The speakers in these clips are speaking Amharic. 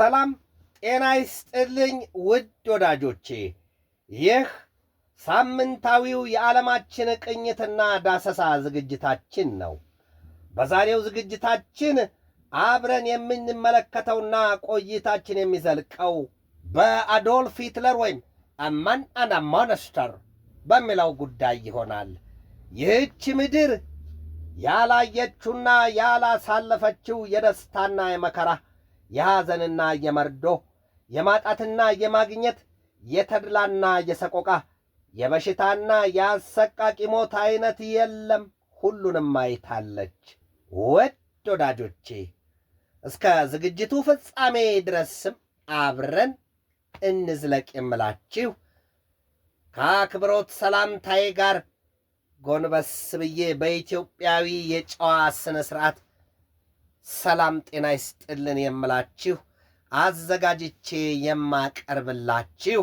ሰላም ጤና ይስጥልኝ ውድ ወዳጆቼ፣ ይህ ሳምንታዊው የዓለማችን ቅኝትና ዳሰሳ ዝግጅታችን ነው። በዛሬው ዝግጅታችን አብረን የምንመለከተውና ቆይታችን የሚዘልቀው በአዶልፍ ሂትለር ወይም አማን አና ሞነስተር በሚለው ጉዳይ ይሆናል። ይህች ምድር ያላየችውና ያላሳለፈችው የደስታና የመከራ የሐዘንና የመርዶ የማጣትና የማግኘት የተድላና የሰቆቃ የበሽታና የአሰቃቂ ሞት ዐይነት የለም። ሁሉንም አይታለች። ውድ ወዳጆቼ እስከ ዝግጅቱ ፍጻሜ ድረስም አብረን እንዝለቅ የምላችሁ ከአክብሮት ሰላምታዬ ጋር ጎንበስ ብዬ በኢትዮጵያዊ የጨዋ ሥነ ሥርዓት ሰላም ጤና ይስጥልን የምላችሁ አዘጋጅቼ የማቀርብላችሁ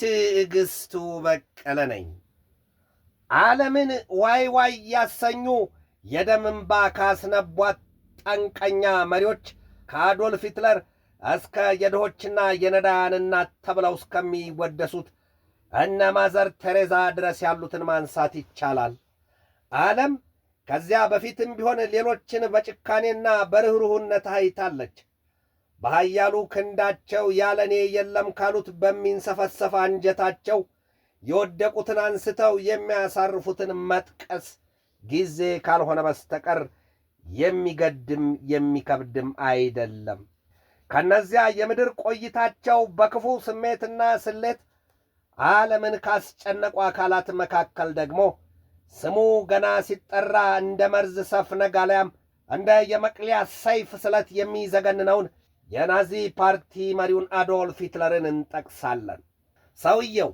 ትዕግስቱ በቀለ ነኝ። ዓለምን ዋይ ዋይ ያሰኙ የደም እንባ ካስነቧት ጠንቀኛ መሪዎች ከአዶልፍ ሂትለር እስከ የድሆችና የነዳያን እናት ተብለው እስከሚወደሱት እነ ማዘር ቴሬዛ ድረስ ያሉትን ማንሳት ይቻላል። ዓለም ከዚያ በፊትም ቢሆን ሌሎችን በጭካኔና በርኅሩህነት አይታለች። በኃያሉ ክንዳቸው ያለኔ የለም ካሉት በሚንሰፈሰፍ አንጀታቸው የወደቁትን አንስተው የሚያሳርፉትን መጥቀስ ጊዜ ካልሆነ በስተቀር የሚገድም የሚከብድም አይደለም። ከነዚያ የምድር ቆይታቸው በክፉ ስሜትና ስሌት ዓለምን ካስጨነቁ አካላት መካከል ደግሞ ስሙ ገና ሲጠራ እንደ መርዝ ሰፍ ነግ እንደ የመቅለያ ሰይፍ ስለት የሚዘገንነውን የናዚ ፓርቲ መሪውን አዶልፍ ሂትለርን እንጠቅሳለን። ሰውየው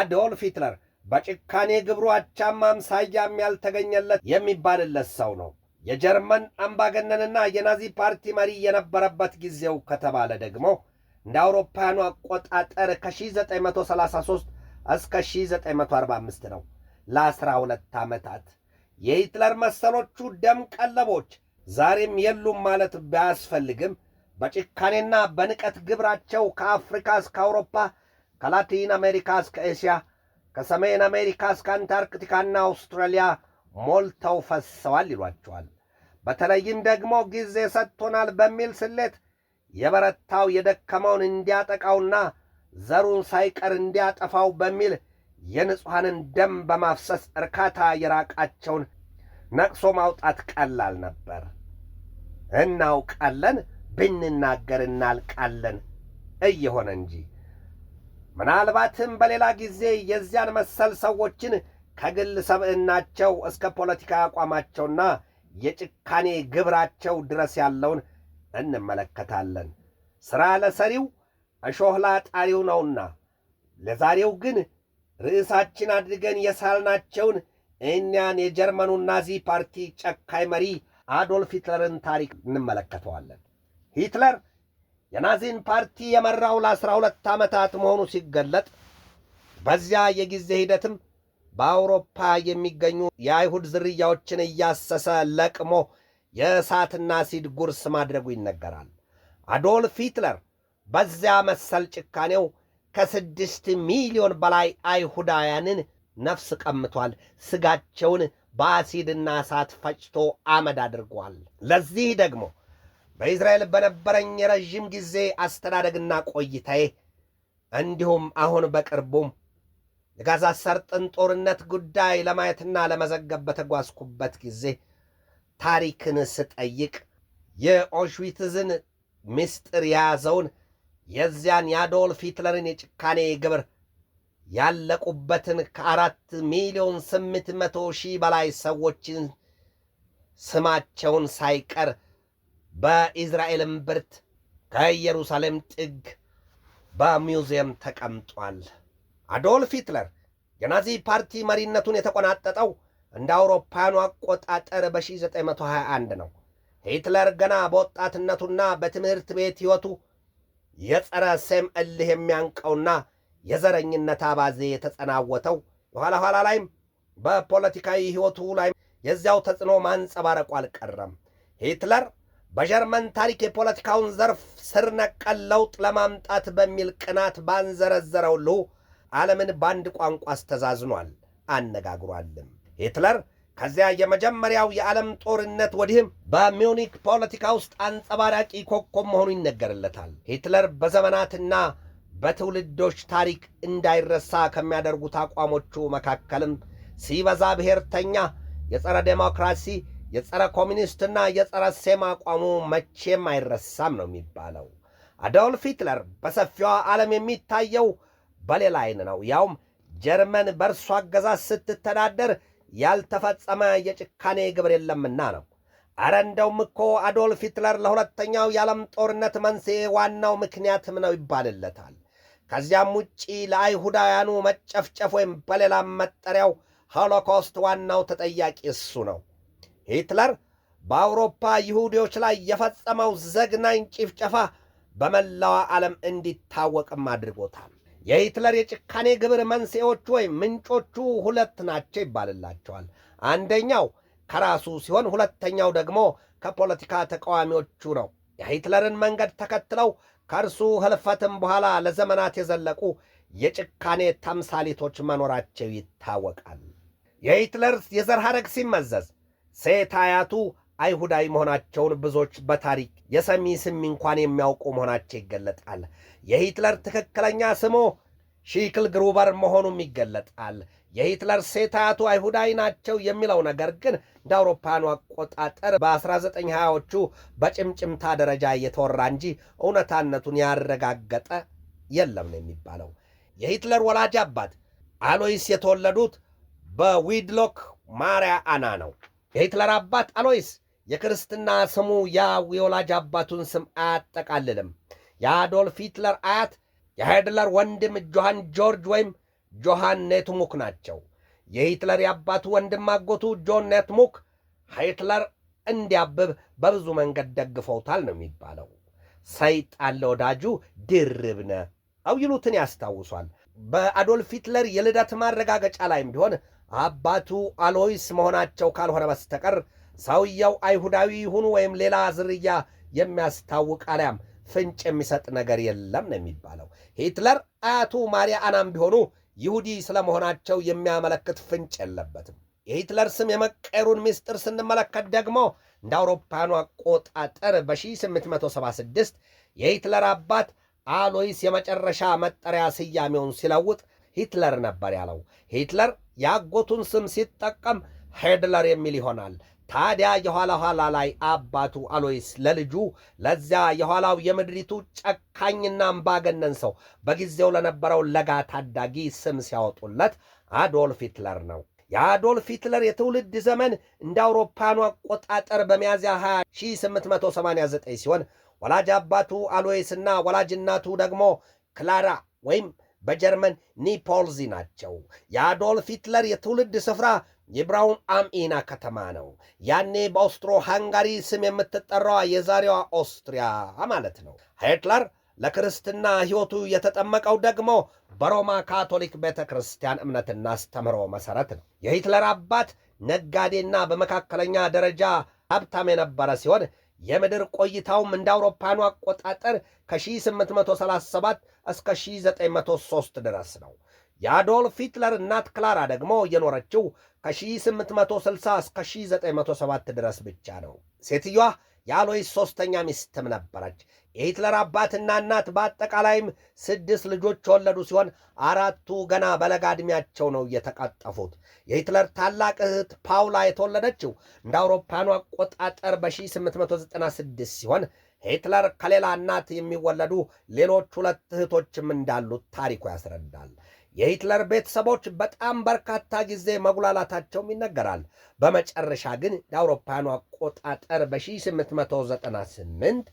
አዶልፍ ሂትለር በጭካኔ ግብሩ አቻም አምሳያም ያልተገኘለት የሚባልለት ሰው ነው። የጀርመን አምባገነንና የናዚ ፓርቲ መሪ የነበረበት ጊዜው ከተባለ ደግሞ እንደ አውሮፓውያኑ አቆጣጠር ከ1933 እስከ 1945 ነው። ለአስራ ሁለት ዓመታት የሂትለር መሰሎቹ ደም ቀለቦች ዛሬም የሉም ማለት ባያስፈልግም በጭካኔና በንቀት ግብራቸው ከአፍሪካ እስከ አውሮፓ ከላቲን አሜሪካ እስከ ኤስያ ከሰሜን አሜሪካ እስከ አንታርክቲካና አውስትራሊያ ሞልተው ፈሰዋል ይሏቸዋል። በተለይም ደግሞ ጊዜ ሰጥቶናል በሚል ስሌት የበረታው የደከመውን እንዲያጠቃውና ዘሩን ሳይቀር እንዲያጠፋው በሚል የንጹሐንን ደም በማፍሰስ እርካታ የራቃቸውን ነቅሶ ማውጣት ቀላል ነበር። እናውቃለን፣ ብንናገር እናልቃለን እየሆነ እንጂ ምናልባትም በሌላ ጊዜ የዚያን መሰል ሰዎችን ከግል ሰብዕናቸው እስከ ፖለቲካ አቋማቸውና የጭካኔ ግብራቸው ድረስ ያለውን እንመለከታለን። ሥራ ለሰሪው እሾህ ላጣሪው ነውና ለዛሬው ግን ርዕሳችን አድርገን የሳልናቸውን እኒያን የጀርመኑ ናዚ ፓርቲ ጨካይ መሪ አዶልፍ ሂትለርን ታሪክ እንመለከተዋለን። ሂትለር የናዚን ፓርቲ የመራው ለአስራ ሁለት ዓመታት መሆኑ ሲገለጥ በዚያ የጊዜ ሂደትም በአውሮፓ የሚገኙ የአይሁድ ዝርያዎችን እያሰሰ ለቅሞ የእሳትና ሲድ ጉርስ ማድረጉ ይነገራል። አዶልፍ ሂትለር በዚያ መሰል ጭካኔው ከስድስት ሚሊዮን በላይ አይሁዳውያንን ነፍስ ቀምቷል። ስጋቸውን በአሲድና እሳት ፈጭቶ አመድ አድርጓል። ለዚህ ደግሞ በእስራኤል በነበረኝ የረዥም ጊዜ አስተዳደግና ቆይታዬ እንዲሁም አሁን በቅርቡም የጋዛ ሰርጥን ጦርነት ጉዳይ ለማየትና ለመዘገብ በተጓዝኩበት ጊዜ ታሪክን ስጠይቅ የኦሽዊትዝን ምስጢር የያዘውን የዚያን የአዶልፍ ሂትለርን የጭካኔ ግብር ያለቁበትን ከአራት ሚሊዮን ስምንት መቶ ሺህ በላይ ሰዎችን ስማቸውን ሳይቀር በኢዝራኤል እምብርት ከኢየሩሳሌም ጥግ በሚውዚየም ተቀምጧል። አዶልፍ ሂትለር የናዚ ፓርቲ መሪነቱን የተቆናጠጠው እንደ አውሮፓውያኑ አቆጣጠር በ1921 ነው። ሂትለር ገና በወጣትነቱና በትምህርት ቤት ሕይወቱ የጸረ ሴም እልህ የሚያንቀውና የዘረኝነት አባዜ የተጸናወተው የኋላ ኋላ ላይም በፖለቲካዊ ሕይወቱ ላይ የዚያው ተጽዕኖ ማንጸባረቁ አልቀረም። ሂትለር በጀርመን ታሪክ የፖለቲካውን ዘርፍ ስር ነቀል ለውጥ ለማምጣት በሚል ቅናት ባንዘረዘረው ልሁ ዓለምን በአንድ ቋንቋ አስተዛዝኗል፣ አነጋግሯልም። ሂትለር ከዚያ የመጀመሪያው የዓለም ጦርነት ወዲህም በሚውኒክ ፖለቲካ ውስጥ አንጸባራቂ ኮከብ መሆኑ ይነገርለታል። ሂትለር በዘመናትና በትውልዶች ታሪክ እንዳይረሳ ከሚያደርጉት አቋሞቹ መካከልም ሲበዛ ብሔርተኛ፣ የጸረ ዴሞክራሲ፣ የጸረ ኮሚኒስትና የጸረ ሴም አቋሙ መቼም አይረሳም ነው የሚባለው። አዶልፍ ሂትለር በሰፊዋ ዓለም የሚታየው በሌላ አይን ነው። ያውም ጀርመን በእርሱ አገዛዝ ስትተዳደር ያልተፈጸመ የጭካኔ ግብር የለምና ነው። አረ እንደውም እኮ አዶልፍ ሂትለር ለሁለተኛው የዓለም ጦርነት መንስኤ ዋናው ምክንያትም ነው ይባልለታል። ከዚያም ውጪ ለአይሁዳውያኑ መጨፍጨፍ ወይም በሌላም መጠሪያው ሆሎኮስት ዋናው ተጠያቂ እሱ ነው። ሂትለር በአውሮፓ ይሁዲዎች ላይ የፈጸመው ዘግናኝ ጭፍጨፋ በመላዋ ዓለም እንዲታወቅም አድርጎታል። የሂትለር የጭካኔ ግብር መንስኤዎቹ ወይም ምንጮቹ ሁለት ናቸው ይባልላቸዋል። አንደኛው ከራሱ ሲሆን ሁለተኛው ደግሞ ከፖለቲካ ተቃዋሚዎቹ ነው። የሂትለርን መንገድ ተከትለው ከእርሱ ህልፈትም በኋላ ለዘመናት የዘለቁ የጭካኔ ተምሳሌቶች መኖራቸው ይታወቃል። የሂትለር የዘር ሐረግ ሲመዘዝ ሴት አያቱ አይሁዳዊ መሆናቸውን ብዙዎች በታሪክ የሰሚ ስሚ እንኳን የሚያውቁ መሆናቸው ይገለጣል። የሂትለር ትክክለኛ ስሙ ሺክል ግሩበር መሆኑም ይገለጣል። የሂትለር ሴታቱ አይሁዳዊ ናቸው የሚለው ነገር ግን እንደ አውሮፓኑ አቆጣጠር በ1920ዎቹ በጭምጭምታ ደረጃ እየተወራ እንጂ እውነታነቱን ያረጋገጠ የለም ነው የሚባለው። የሂትለር ወላጅ አባት አሎይስ የተወለዱት በዊድሎክ ማሪያ አና ነው። የሂትለር አባት አሎይስ የክርስትና ስሙ ያ የወላጅ አባቱን ስም አያጠቃልልም። የአዶልፍ ሂትለር አያት የሃይድለር ወንድም ጆሃን ጆርጅ ወይም ጆሃን ኔትሙክ ናቸው። የሂትለር የአባቱ ወንድም አጎቱ ጆን ኔትሙክ ሃይትለር እንዲያብብ በብዙ መንገድ ደግፈውታል ነው የሚባለው። ሰይጣን ለወዳጁ ድርብ አው ይሉትን ያስታውሷል። በአዶልፍ ሂትለር የልደት ማረጋገጫ ላይም ቢሆን አባቱ አሎይስ መሆናቸው ካልሆነ በስተቀር ሰውየው አይሁዳዊ ይሁኑ ወይም ሌላ ዝርያ የሚያስታውቅ አሊያም ፍንጭ የሚሰጥ ነገር የለም ነው የሚባለው። ሂትለር አያቱ ማሪያ አናም ቢሆኑ ይሁዲ ስለመሆናቸው የሚያመለክት ፍንጭ የለበትም። የሂትለር ስም የመቀየሩን ምስጢር ስንመለከት ደግሞ እንደ አውሮፓውያኑ አቆጣጠር በ1876 የሂትለር አባት አሎይስ የመጨረሻ መጠሪያ ስያሜውን ሲለውጥ ሂትለር ነበር ያለው። ሂትለር የአጎቱን ስም ሲጠቀም ሄድለር የሚል ይሆናል። ታዲያ የኋላ ኋላ ላይ አባቱ አሎይስ ለልጁ ለዚያ የኋላው የምድሪቱ ጨካኝና አምባገነን ሰው በጊዜው ለነበረው ለጋ ታዳጊ ስም ሲያወጡለት አዶልፍ ሂትለር ነው። የአዶልፍ ሂትለር የትውልድ ዘመን እንደ አውሮፓኑ አቆጣጠር በሚያዝያ 20 1889 ሲሆን ወላጅ አባቱ አሎይስና ወላጅ እናቱ ደግሞ ክላራ ወይም በጀርመን ኒፖልዚ ናቸው። የአዶልፍ ሂትለር የትውልድ ስፍራ የብራውን አምኢና ከተማ ነው። ያኔ በኦስትሮ ሃንጋሪ ስም የምትጠራዋ የዛሬዋ ኦስትሪያ ማለት ነው። ሄትለር ለክርስትና ሕይወቱ የተጠመቀው ደግሞ በሮማ ካቶሊክ ቤተ ክርስቲያን እምነትና አስተምህሮ መሠረት ነው። የሂትለር አባት ነጋዴና በመካከለኛ ደረጃ ሀብታም የነበረ ሲሆን የምድር ቆይታውም እንደ አውሮፓኑ አቆጣጠር ከ1837 እስከ 1903 ድረስ ነው። የአዶልፍ ሂትለር እናት ክላራ ደግሞ የኖረችው ከ1860 እስከ 1907 ድረስ ብቻ ነው። ሴትዮዋ የአሎይስ ሦስተኛ ሚስትም ነበረች። የሂትለር አባትና እናት በአጠቃላይም ስድስት ልጆች የወለዱ ሲሆን አራቱ ገና በለጋ ዕድሜያቸው ነው የተቀጠፉት። የሂትለር ታላቅ እህት ፓውላ የተወለደችው እንደ አውሮፓኑ አቆጣጠር በ1896 ሲሆን ሂትለር ከሌላ እናት የሚወለዱ ሌሎች ሁለት እህቶችም እንዳሉት ታሪኩ ያስረዳል። የሂትለር ቤተሰቦች በጣም በርካታ ጊዜ መጉላላታቸውም ይነገራል። በመጨረሻ ግን ለአውሮፓውያኑ አቆጣጠር በ1898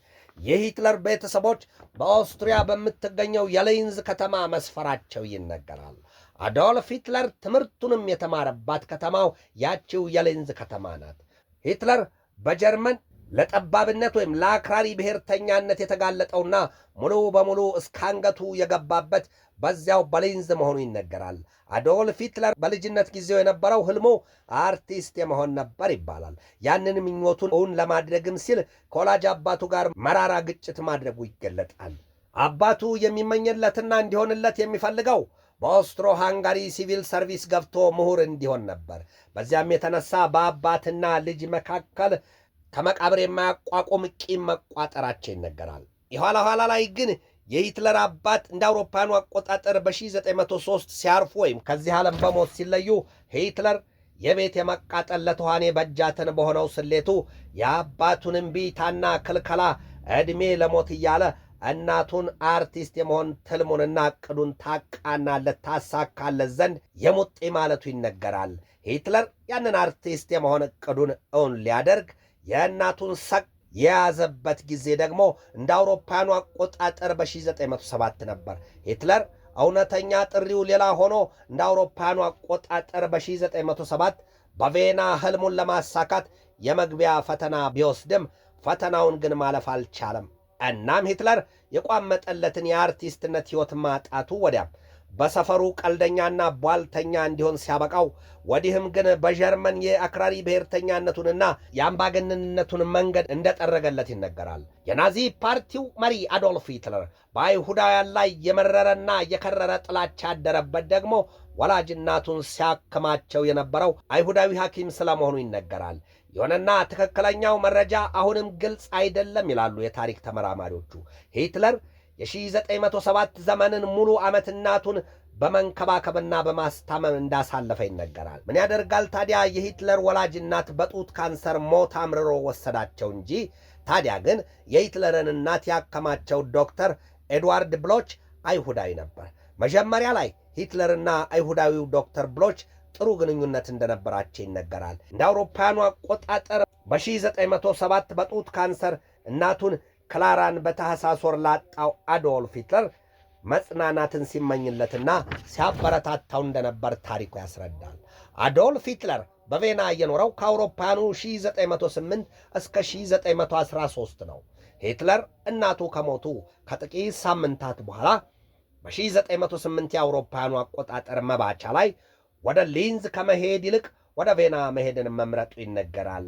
የሂትለር ቤተሰቦች በኦስትሪያ በምትገኘው የሌንዝ ከተማ መስፈራቸው ይነገራል። አዶልፍ ሂትለር ትምህርቱንም የተማረባት ከተማው ያቺው የሌንዝ ከተማ ናት። ሂትለር በጀርመን ለጠባብነት ወይም ለአክራሪ ብሔርተኛነት የተጋለጠውና ሙሉ በሙሉ እስከ አንገቱ የገባበት በዚያው በሌንዝ መሆኑ ይነገራል። አዶልፍ ሂትለር በልጅነት ጊዜው የነበረው ህልሙ አርቲስት የመሆን ነበር ይባላል። ያንን ምኞቱን እውን ለማድረግም ሲል ከወላጅ አባቱ ጋር መራራ ግጭት ማድረጉ ይገለጣል። አባቱ የሚመኝለትና እንዲሆንለት የሚፈልገው በኦስትሮ ሃንጋሪ ሲቪል ሰርቪስ ገብቶ ምሁር እንዲሆን ነበር። በዚያም የተነሳ በአባትና ልጅ መካከል ከመቃብር የማያቋቁም ቂም መቋጠራቸው ይነገራል። የኋላ ኋላ ላይ ግን የሂትለር አባት እንደ አውሮፓኑ አቆጣጠር በ1903 ሲያርፉ ወይም ከዚህ ዓለም በሞት ሲለዩ ሂትለር የቤት የመቃጠል ለትኋኔ በጃትን በሆነው ስሌቱ የአባቱን እምቢታና ክልከላ ዕድሜ ለሞት እያለ እናቱን አርቲስት የመሆን ትልሙንና ዕቅዱን ታቃና ታሳካለት ዘንድ የሙጤ ማለቱ ይነገራል። ሂትለር ያንን አርቲስት የመሆን ዕቅዱን እውን ሊያደርግ የእናቱን ሰቅ የያዘበት ጊዜ ደግሞ እንደ አውሮፓኑ አቆጣጠር በ1907 ነበር። ሂትለር እውነተኛ ጥሪው ሌላ ሆኖ እንደ አውሮፓኑ አቆጣጠር በ1907 በቬና ህልሙን ለማሳካት የመግቢያ ፈተና ቢወስድም ፈተናውን ግን ማለፍ አልቻለም። እናም ሂትለር የቋመጠለትን የአርቲስትነት ሕይወት ማጣቱ ወዲያም በሰፈሩ ቀልደኛና ቧልተኛ እንዲሆን ሲያበቃው ወዲህም ግን በጀርመን የአክራሪ ብሔርተኛነቱንና የአምባገነንነቱን መንገድ እንደጠረገለት ይነገራል። የናዚ ፓርቲው መሪ አዶልፍ ሂትለር በአይሁዳውያን ላይ የመረረና የከረረ ጥላቻ ያደረበት ደግሞ ወላጅናቱን ሲያክማቸው የነበረው አይሁዳዊ ሐኪም ስለመሆኑ ይነገራል። ይሁንና ትክክለኛው መረጃ አሁንም ግልጽ አይደለም ይላሉ የታሪክ ተመራማሪዎቹ ሂትለር የ1907 ዘመንን ሙሉ ዓመት እናቱን በመንከባከብና በማስታመም እንዳሳለፈ ይነገራል። ምን ያደርጋል ታዲያ የሂትለር ወላጅ እናት በጡት ካንሰር ሞት አምርሮ ወሰዳቸው እንጂ ታዲያ ግን የሂትለርን እናት ያከማቸው ዶክተር ኤድዋርድ ብሎች አይሁዳዊ ነበር። መጀመሪያ ላይ ሂትለርና አይሁዳዊው ዶክተር ብሎች ጥሩ ግንኙነት እንደነበራቸው ይነገራል። እንደ አውሮፓውያኑ አቆጣጠር በ1907 በጡት ካንሰር እናቱን ክላራን በታህሳስ ወር ላጣው አዶልፍ ሂትለር መጽናናትን ሲመኝለትና ሲያበረታታው እንደነበር ታሪኩ ያስረዳል። አዶልፍ ሂትለር በቬና የኖረው ከአውሮፓውያኑ 1908 እስከ 1913 ነው። ሂትለር እናቱ ከሞቱ ከጥቂት ሳምንታት በኋላ በ1908 የአውሮፓውያኑ አቆጣጠር መባቻ ላይ ወደ ሊንዝ ከመሄድ ይልቅ ወደ ቬና መሄድን መምረጡ ይነገራል።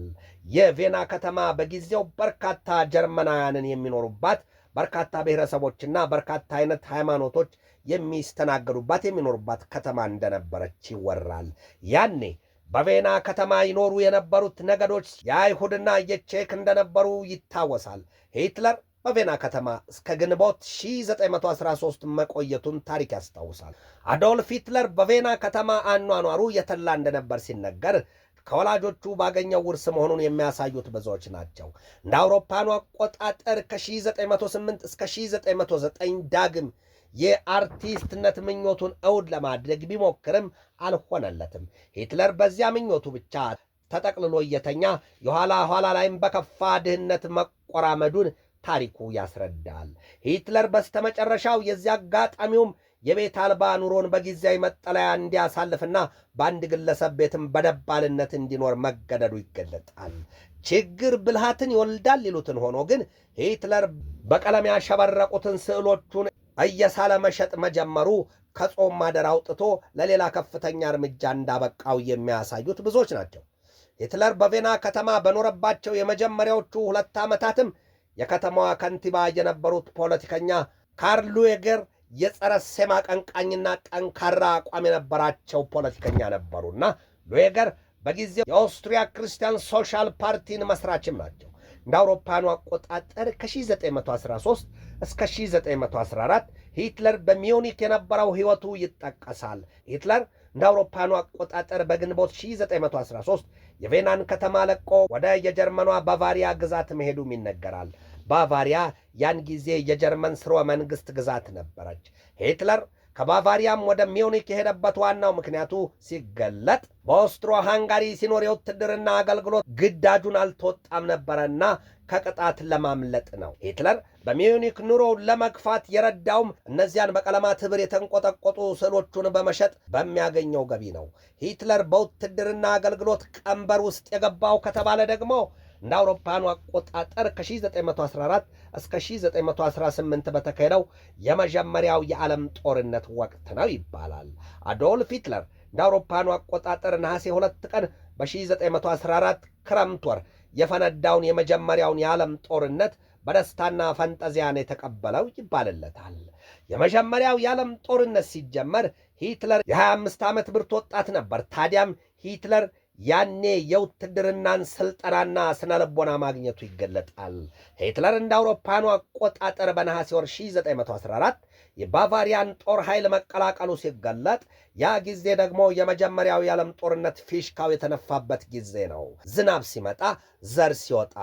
የቬና ከተማ በጊዜው በርካታ ጀርመናውያንን የሚኖሩባት በርካታ ብሔረሰቦችና በርካታ አይነት ሃይማኖቶች የሚስተናገዱባት የሚኖሩባት ከተማ እንደነበረች ይወራል። ያኔ በቬና ከተማ ይኖሩ የነበሩት ነገዶች የአይሁድና የቼክ እንደነበሩ ይታወሳል። ሂትለር በቬና ከተማ እስከ ግንቦት 1913 መቆየቱን ታሪክ ያስታውሳል። አዶልፍ ሂትለር በቬና ከተማ አኗኗሩ የተላ እንደነበር ሲነገር ከወላጆቹ ባገኘው ውርስ መሆኑን የሚያሳዩት ብዙዎች ናቸው። እንደ አውሮፓኑ አቆጣጠር ከ1908 እስከ 1909 ዳግም የአርቲስትነት ምኞቱን እውን ለማድረግ ቢሞክርም አልሆነለትም። ሂትለር በዚያ ምኞቱ ብቻ ተጠቅልሎ እየተኛ የኋላ ኋላ ላይም በከፋ ድህነት መቆራመዱን ታሪኩ ያስረዳል። ሂትለር በስተመጨረሻው የዚያ አጋጣሚውም የቤት አልባ ኑሮን በጊዜያዊ መጠለያ እንዲያሳልፍና በአንድ ግለሰብ ቤትም በደባልነት እንዲኖር መገደዱ ይገለጣል። ችግር ብልሃትን ይወልዳል ይሉትን ሆኖ ግን ሂትለር በቀለም ያሸበረቁትን ስዕሎቹን እየሳለ መሸጥ መጀመሩ ከጾም ማደር አውጥቶ ለሌላ ከፍተኛ እርምጃ እንዳበቃው የሚያሳዩት ብዙዎች ናቸው። ሂትለር በቬና ከተማ በኖረባቸው የመጀመሪያዎቹ ሁለት ዓመታትም የከተማዋ ከንቲባ የነበሩት ፖለቲከኛ ካርሉ ሉዌገር የጸረ ሴማ ቀንቃኝና ጠንካራ አቋም የነበራቸው ፖለቲከኛ ነበሩና ሉየገር በጊዜው የኦስትሪያ ክርስቲያን ሶሻል ፓርቲን መስራችም ናቸው። እንደ አውሮፓኑ አቆጣጠር ከ1913 እስከ 1914 ሂትለር በሚዩኒክ የነበረው ሕይወቱ ይጠቀሳል። ሂትለር እንደ አውሮፓኑ አቆጣጠር በግንቦት 1913 የቬናን ከተማ ለቆ ወደ የጀርመኗ ባቫሪያ ግዛት መሄዱም ይነገራል። ባቫሪያ ያን ጊዜ የጀርመን ስርወ መንግሥት ግዛት ነበረች። ሂትለር ከባቫሪያም ወደ ሚውኒክ የሄደበት ዋናው ምክንያቱ ሲገለጥ በኦስትሮ ሃንጋሪ ሲኖር የውትድርና አገልግሎት ግዳጁን አልተወጣም ነበረና ከቅጣት ለማምለጥ ነው። ሂትለር በሚዩኒክ ኑሮ ለመግፋት የረዳውም እነዚያን በቀለማት ሕብር የተንቆጠቆጡ ስዕሎቹን በመሸጥ በሚያገኘው ገቢ ነው። ሂትለር በውትድርና አገልግሎት ቀንበር ውስጥ የገባው ከተባለ ደግሞ እንደ አውሮፓኑ አቆጣጠር ከ1914 እስከ 1918 በተካሄደው የመጀመሪያው የዓለም ጦርነት ወቅት ነው ይባላል። አዶልፍ ሂትለር እንደ አውሮፓኑ አቆጣጠር ነሐሴ 2 ቀን በ1914 ክረምት ወር የፈነዳውን የመጀመሪያውን የዓለም ጦርነት በደስታና ፈንጠዚያን የተቀበለው ይባልለታል። የመጀመሪያው የዓለም ጦርነት ሲጀመር ሂትለር የ25 ዓመት ብርቱ ወጣት ነበር። ታዲያም ሂትለር ያኔ የውትድርናን ስልጠናና ስነልቦና ማግኘቱ ይገለጣል። ሂትለር እንደ አውሮፓኑ አቆጣጠር በነሐሴ ወር 1914 የባቫሪያን ጦር ኃይል መቀላቀሉ ሲገለጥ፣ ያ ጊዜ ደግሞ የመጀመሪያው የዓለም ጦርነት ፊሽካው የተነፋበት ጊዜ ነው። ዝናብ ሲመጣ ዘር ሲወጣ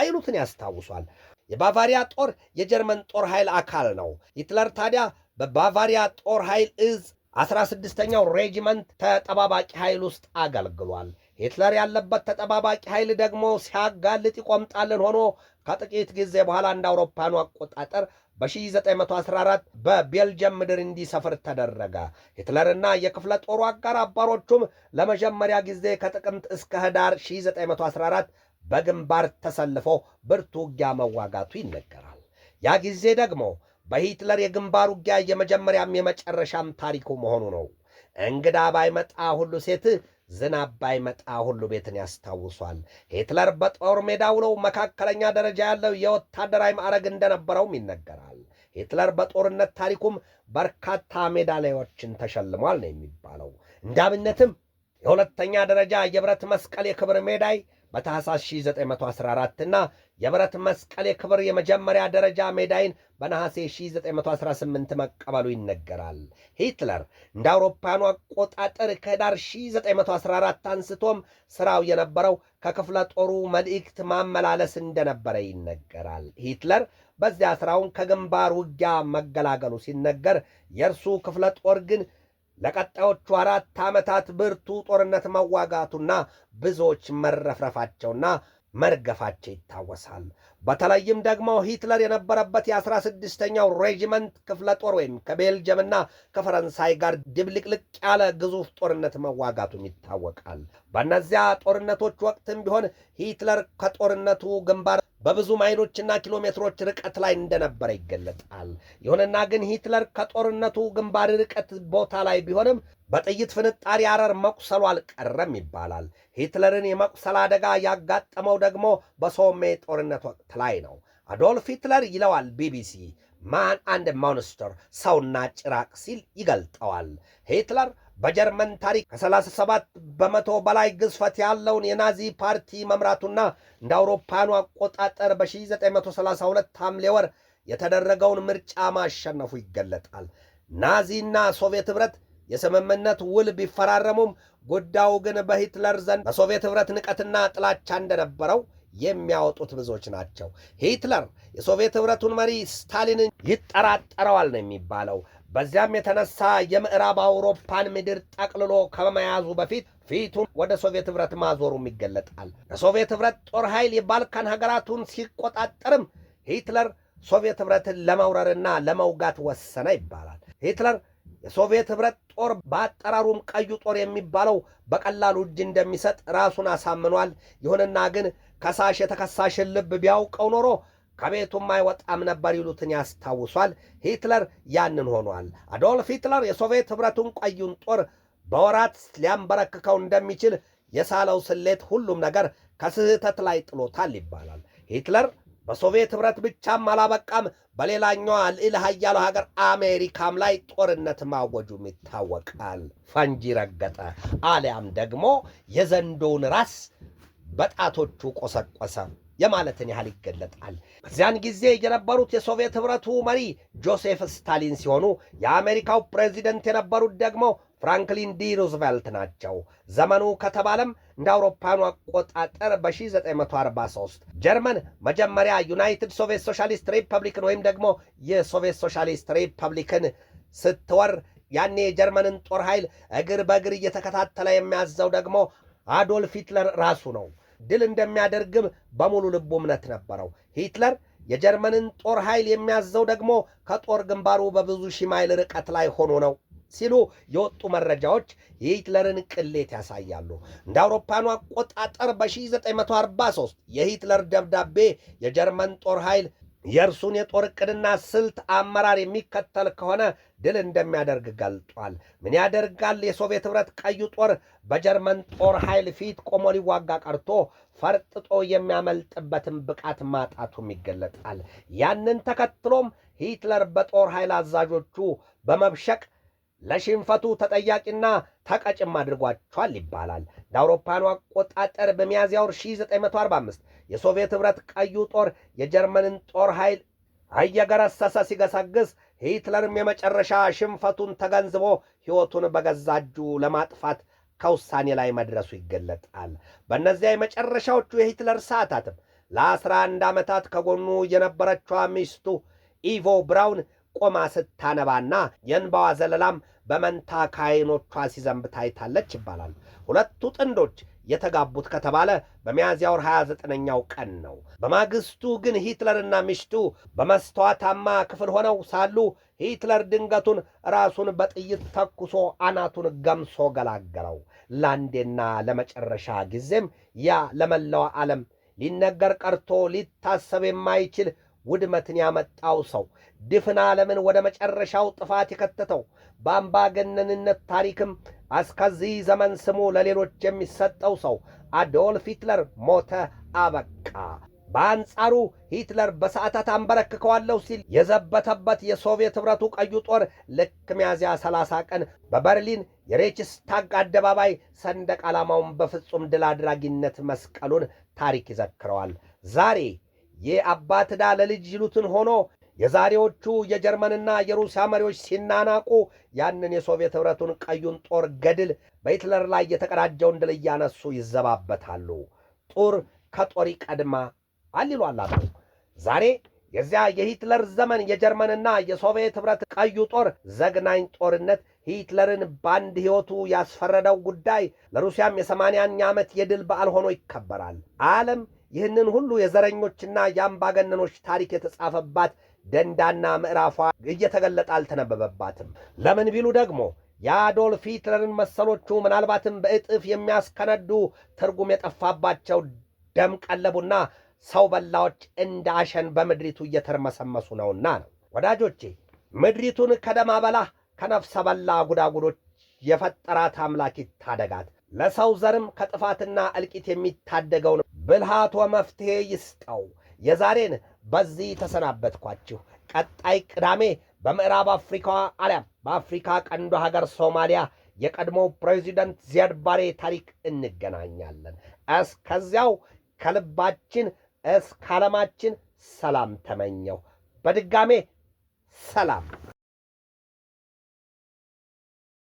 አይሉትን ያስታውሷል። የባቫሪያ ጦር የጀርመን ጦር ኃይል አካል ነው። ሂትለር ታዲያ በባቫሪያ ጦር ኃይል እዝ አስራ ስድስተኛው ሬጂመንት ተጠባባቂ ኃይል ውስጥ አገልግሏል። ሂትለር ያለበት ተጠባባቂ ኃይል ደግሞ ሲያጋልጥ ይቆምጣልን ሆኖ ከጥቂት ጊዜ በኋላ እንደ አውሮፓኑ አቆጣጠር በ1914 በቤልጅየም ምድር እንዲሰፍር ተደረገ። ሂትለርና የክፍለ ጦሩ አጋር አባሮቹም ለመጀመሪያ ጊዜ ከጥቅምት እስከ ህዳር 1914 በግንባር ተሰልፈው ብርቱ ውጊያ መዋጋቱ ይነገራል። ያ ጊዜ ደግሞ በሂትለር የግንባር ውጊያ የመጀመሪያም የመጨረሻም ታሪኩ መሆኑ ነው። እንግዳ ባይመጣ ሁሉ ሴት፣ ዝናብ ባይመጣ ሁሉ ቤትን ያስታውሷል። ሂትለር በጦር ሜዳ ውለው መካከለኛ ደረጃ ያለው የወታደራዊ ማዕረግ እንደነበረውም ይነገራል። ሂትለር በጦርነት ታሪኩም በርካታ ሜዳሊያዎችን ተሸልሟል ነው የሚባለው። እንዳብነትም የሁለተኛ ደረጃ የብረት መስቀል የክብር ሜዳይ በታህሳስ 1914 እና የብረት መስቀል የክብር የመጀመሪያ ደረጃ ሜዳይን በነሐሴ 1918 መቀበሉ ይነገራል። ሂትለር እንደ አውሮፓውያኑ አቆጣጠር ከህዳር 1914 አንስቶም ስራው የነበረው ከክፍለ ጦሩ መልእክት ማመላለስ እንደነበረ ይነገራል። ሂትለር በዚያ ስራውን ከግንባር ውጊያ መገላገሉ ሲነገር የእርሱ ክፍለ ጦር ግን ለቀጣዮቹ አራት ዓመታት ብርቱ ጦርነት መዋጋቱና ብዙዎች መረፍረፋቸውና መርገፋቸው ይታወሳል። በተለይም ደግሞ ሂትለር የነበረበት የአስራ ስድስተኛው ሬጂመንት ክፍለ ጦር ወይም ከቤልጅየምና ከፈረንሳይ ጋር ድብልቅልቅ ያለ ግዙፍ ጦርነት መዋጋቱም ይታወቃል። በእነዚያ ጦርነቶች ወቅትም ቢሆን ሂትለር ከጦርነቱ ግንባር በብዙ ማይሎችና ኪሎ ሜትሮች ርቀት ላይ እንደነበረ ይገለጣል። ይሁንና ግን ሂትለር ከጦርነቱ ግንባር ርቀት ቦታ ላይ ቢሆንም በጥይት ፍንጣሪ አረር መቁሰሉ አልቀረም ይባላል። ሂትለርን የመቁሰል አደጋ ያጋጠመው ደግሞ በሶሜ ጦርነት ወቅት ላይ ነው። አዶልፍ ሂትለር ይለዋል ቢቢሲ ማን አንድ ሞንስተር ሰውና ጭራቅ ሲል ይገልጠዋል። ሂትለር በጀርመን ታሪክ ከ37 በመቶ በላይ ግዝፈት ያለውን የናዚ ፓርቲ መምራቱና እንደ አውሮፓኑ አቆጣጠር በ1932 ሐምሌ ወር የተደረገውን ምርጫ ማሸነፉ ይገለጣል። ናዚና ሶቪየት ኅብረት የስምምነት ውል ቢፈራረሙም ጉዳዩ ግን በሂትለር ዘንድ በሶቪየት ኅብረት ንቀትና ጥላቻ እንደነበረው የሚያወጡት ብዙዎች ናቸው። ሂትለር የሶቪየት ህብረቱን መሪ ስታሊንን ይጠራጠረዋል ነው የሚባለው። በዚያም የተነሳ የምዕራብ አውሮፓን ምድር ጠቅልሎ ከመያዙ በፊት ፊቱን ወደ ሶቪየት ህብረት ማዞሩም ይገለጣል። የሶቪየት ህብረት ጦር ኃይል የባልካን ሀገራቱን ሲቆጣጠርም ሂትለር ሶቪየት ህብረትን ለመውረርና ለመውጋት ወሰነ ይባላል። ሂትለር የሶቪየት ህብረት ጦር በአጠራሩም ቀዩ ጦር የሚባለው በቀላሉ እጅ እንደሚሰጥ ራሱን አሳምኗል። ይሁንና ግን ከሳሽ የተከሳሽን ልብ ቢያውቀው ኖሮ ከቤቱም አይወጣም ነበር ይሉትን ያስታውሷል። ሂትለር ያንን ሆኗል። አዶልፍ ሂትለር የሶቪየት ኅብረቱን ቀዩን ጦር በወራት ሊያንበረክከው እንደሚችል የሳለው ስሌት ሁሉም ነገር ከስህተት ላይ ጥሎታል ይባላል። ሂትለር በሶቪየት ኅብረት ብቻም አላበቃም። በሌላኛዋ ልዕለ ኃያሉ ሀገር አሜሪካም ላይ ጦርነት ማወጁም ይታወቃል። ፈንጂ ረገጠ አሊያም ደግሞ የዘንዶውን ራስ በጣቶቹ ቆሰቆሰ የማለትን ያህል ይገለጣል። በዚያን ጊዜ የነበሩት የሶቪየት ኅብረቱ መሪ ጆሴፍ ስታሊን ሲሆኑ የአሜሪካው ፕሬዚደንት የነበሩት ደግሞ ፍራንክሊን ዲ ሩዝቬልት ናቸው። ዘመኑ ከተባለም እንደ አውሮፓኑ አቆጣጠር በ1943 ጀርመን መጀመሪያ ዩናይትድ ሶቪየት ሶሻሊስት ሪፐብሊክን ወይም ደግሞ የሶቪየት ሶሻሊስት ሪፐብሊክን ስትወር ያኔ የጀርመንን ጦር ኃይል እግር በእግር እየተከታተለ የሚያዘው ደግሞ አዶልፍ ሂትለር ራሱ ነው። ድል እንደሚያደርግም በሙሉ ልቡ እምነት ነበረው። ሂትለር የጀርመንን ጦር ኃይል የሚያዘው ደግሞ ከጦር ግንባሩ በብዙ ሺህ ማይል ርቀት ላይ ሆኖ ነው ሲሉ የወጡ መረጃዎች የሂትለርን ቅሌት ያሳያሉ። እንደ አውሮፓኑ አቆጣጠር በ1943 የሂትለር ደብዳቤ የጀርመን ጦር ኃይል የእርሱን የጦር ዕቅድና ስልት አመራር የሚከተል ከሆነ ድል እንደሚያደርግ ገልጧል። ምን ያደርጋል? የሶቪየት ኅብረት ቀዩ ጦር በጀርመን ጦር ኃይል ፊት ቆሞ ሊዋጋ ቀርቶ ፈርጥጦ የሚያመልጥበትን ብቃት ማጣቱም ይገለጣል። ያንን ተከትሎም ሂትለር በጦር ኃይል አዛዦቹ በመብሸቅ ለሽንፈቱ ተጠያቂና ታቃጭም አድርጓቸዋል ይባላል። እንደ አውሮፓኑ አቆጣጠር በሚያዝያ ወር 1945 የሶቪየት ኅብረት ቀዩ ጦር የጀርመንን ጦር ኃይል እየገረሰሰ ሲገሰግስ ሂትለርም የመጨረሻ ሽንፈቱን ተገንዝቦ ሕይወቱን በገዛ እጁ ለማጥፋት ከውሳኔ ላይ መድረሱ ይገለጣል። በእነዚያ የመጨረሻዎቹ የሂትለር ሰዓታትም ለአስራ አንድ ዓመታት ከጎኑ የነበረችዋ ሚስቱ ኢቮ ብራውን ቆማ ስታነባና የእንባዋ ዘለላም በመንታ ከዓይኖቿ ሲዘንብ ታይታለች ይባላል። ሁለቱ ጥንዶች የተጋቡት ከተባለ በሚያዝያ ወር 29ኛው ቀን ነው። በማግስቱ ግን ሂትለርና ሚሽቱ በመስተዋታማ ክፍል ሆነው ሳሉ ሂትለር ድንገቱን ራሱን በጥይት ተኩሶ አናቱን ገምሶ ገላገለው። ለአንዴና ለመጨረሻ ጊዜም ያ ለመላዋ ዓለም ሊነገር ቀርቶ ሊታሰብ የማይችል ውድመትን ያመጣው ሰው ድፍን ዓለምን ወደ መጨረሻው ጥፋት የከተተው በአምባገነንነት ታሪክም እስከዚህ ዘመን ስሙ ለሌሎች የሚሰጠው ሰው አዶልፍ ሂትለር ሞተ፣ አበቃ። በአንጻሩ ሂትለር በሰዓታት አንበረክከዋለሁ ሲል የዘበተበት የሶቪየት ኅብረቱ ቀዩ ጦር ልክ ሚያዝያ 30 ቀን በበርሊን የሬችስታግ አደባባይ ሰንደቅ ዓላማውን በፍጹም ድል አድራጊነት መስቀሉን ታሪክ ይዘክረዋል። ዛሬ ይህ አባት ዕዳ ለልጅ ይሉትን ሆኖ የዛሬዎቹ የጀርመንና የሩሲያ መሪዎች ሲናናቁ ያንን የሶቪየት ኅብረቱን ቀዩን ጦር ገድል በሂትለር ላይ የተቀዳጀውን ድል እያነሱ ይዘባበታሉ። ጦር ከጦር ይቀድማል ይሏል አሉ። ዛሬ የዚያ የሂትለር ዘመን የጀርመንና የሶቪየት ኅብረት ቀዩ ጦር ዘግናኝ ጦርነት ሂትለርን በአንድ ሕይወቱ ያስፈረደው ጉዳይ ለሩሲያም የሰማንያኛ ዓመት የድል በዓል ሆኖ ይከበራል። ዓለም ይህንን ሁሉ የዘረኞችና የአምባገነኖች ታሪክ የተጻፈባት ደንዳና ምዕራፏ እየተገለጠ አልተነበበባትም። ለምን ቢሉ ደግሞ የአዶልፍ ሂትለርን መሰሎቹ ምናልባትም በእጥፍ የሚያስከነዱ ትርጉም የጠፋባቸው ደም ቀለቡና ሰው በላዎች እንደ አሸን በምድሪቱ እየተርመሰመሱ ነውና ነው። ወዳጆቼ ምድሪቱን ከደማበላ በላ ከነፍሰ በላ ጉዳጉዶች የፈጠራት አምላክ ይታደጋት። ለሰው ዘርም ከጥፋትና እልቂት የሚታደገውን ብልሃቶ መፍትሄ ይስጠው። የዛሬን በዚህ ተሰናበትኳችሁ። ቀጣይ ቅዳሜ በምዕራብ አፍሪካ አሊያም በአፍሪካ ቀንዱ ሀገር ሶማሊያ የቀድሞ ፕሬዚደንት ዚያድ ባሬ ታሪክ እንገናኛለን። እስከዚያው ከልባችን እስከ ዓለማችን ሰላም ተመኘው። በድጋሜ ሰላም።